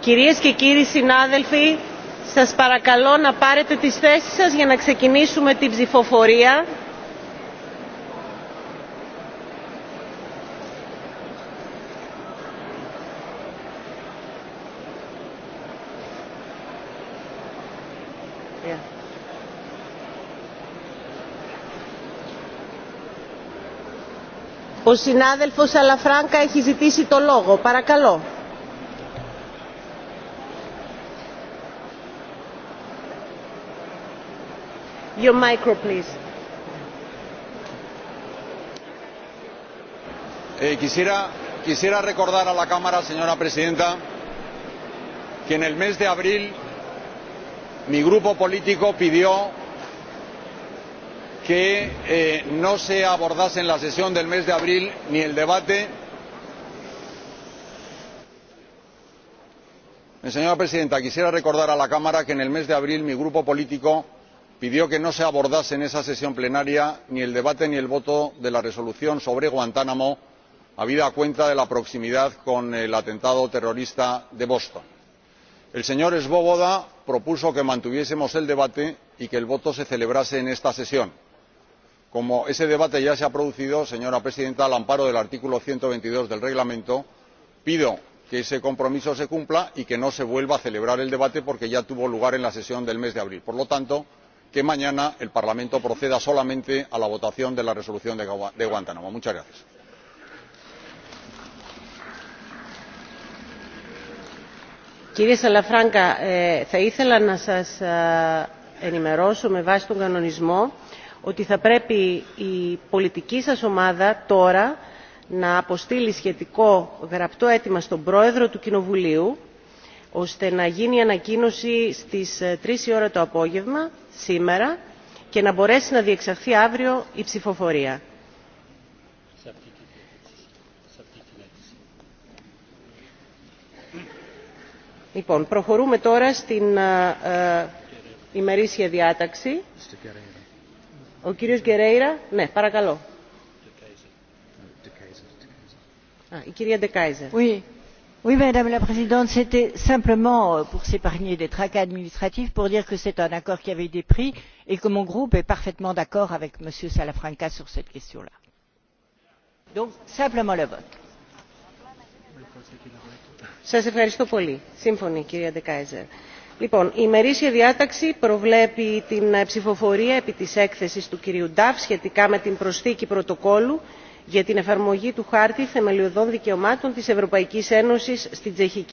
Κυρίες και κύριοι συνάδελφοι, σας παρακαλώ να πάρετε τις θέσεις σας για να ξεκινήσουμε την ψηφοφορία. Yeah. Ο συνάδελφος Αλαφράνκα έχει ζητήσει το λόγο. Παρακαλώ. Your micro, please. Eh, quisiera, quisiera recordar a la Cámara, señora Presidenta, que en el mes de abril mi grupo político pidió que eh, no se abordase en la sesión del mes de abril ni el debate eh, señora presidenta quisiera recordar a la cámara que en el mes de abril mi grupo político pidió que no se abordase en esa sesión plenaria ni el debate ni la votación de la resolución sobre guantánamo habida cuenta de la proximidad con el atentado terrorista de boston. el señor swoboda propuso que mantuviésemos el debate y que la votación se celebrase en esta sesión como ese debate ya se ha producido señora presidenta al amparo del artículo ciento veintidós del reglamento pido que ese compromiso se cumpla y que no se vuelva a celebrar el debate porque ya tuvo lugar en la sesión del mes de abril. por lo tanto que mañana el parlamento proceda solamente a la votación de la resolución de guantánamo. muchas gracias ότι θα πρέπει η πολιτική σας ομάδα τώρα να αποστείλει σχετικό γραπτό αίτημα στον πρόεδρο του Κοινοβουλίου ώστε να γίνει ανακοίνωση στις 3 η ώρα το απόγευμα σήμερα και να μπορέσει να διεξαχθεί αύριο η ψηφοφορία. Λοιπόν, προχωρούμε τώρα στην ημερήσια διάταξη. Oui. Madame la Présidente, c'était simplement euh, pour s'épargner des tracas administratifs pour dire que c'est un accord qui avait des prix et que mon groupe est parfaitement d'accord avec M. Salafranca sur cette question-là. Donc, simplement le vote η ημερήσια διάταξη προβλέπει την ψηφοφορία επί της έκθεσης του κ. duff σχετικά με την προσθήκη πρωτοκόλου για την εφαρμογή του Χάρτη Θεμελιωδών Δικαιωμάτων της Ευρωπαϊκής Ένωσης στην Τσεχική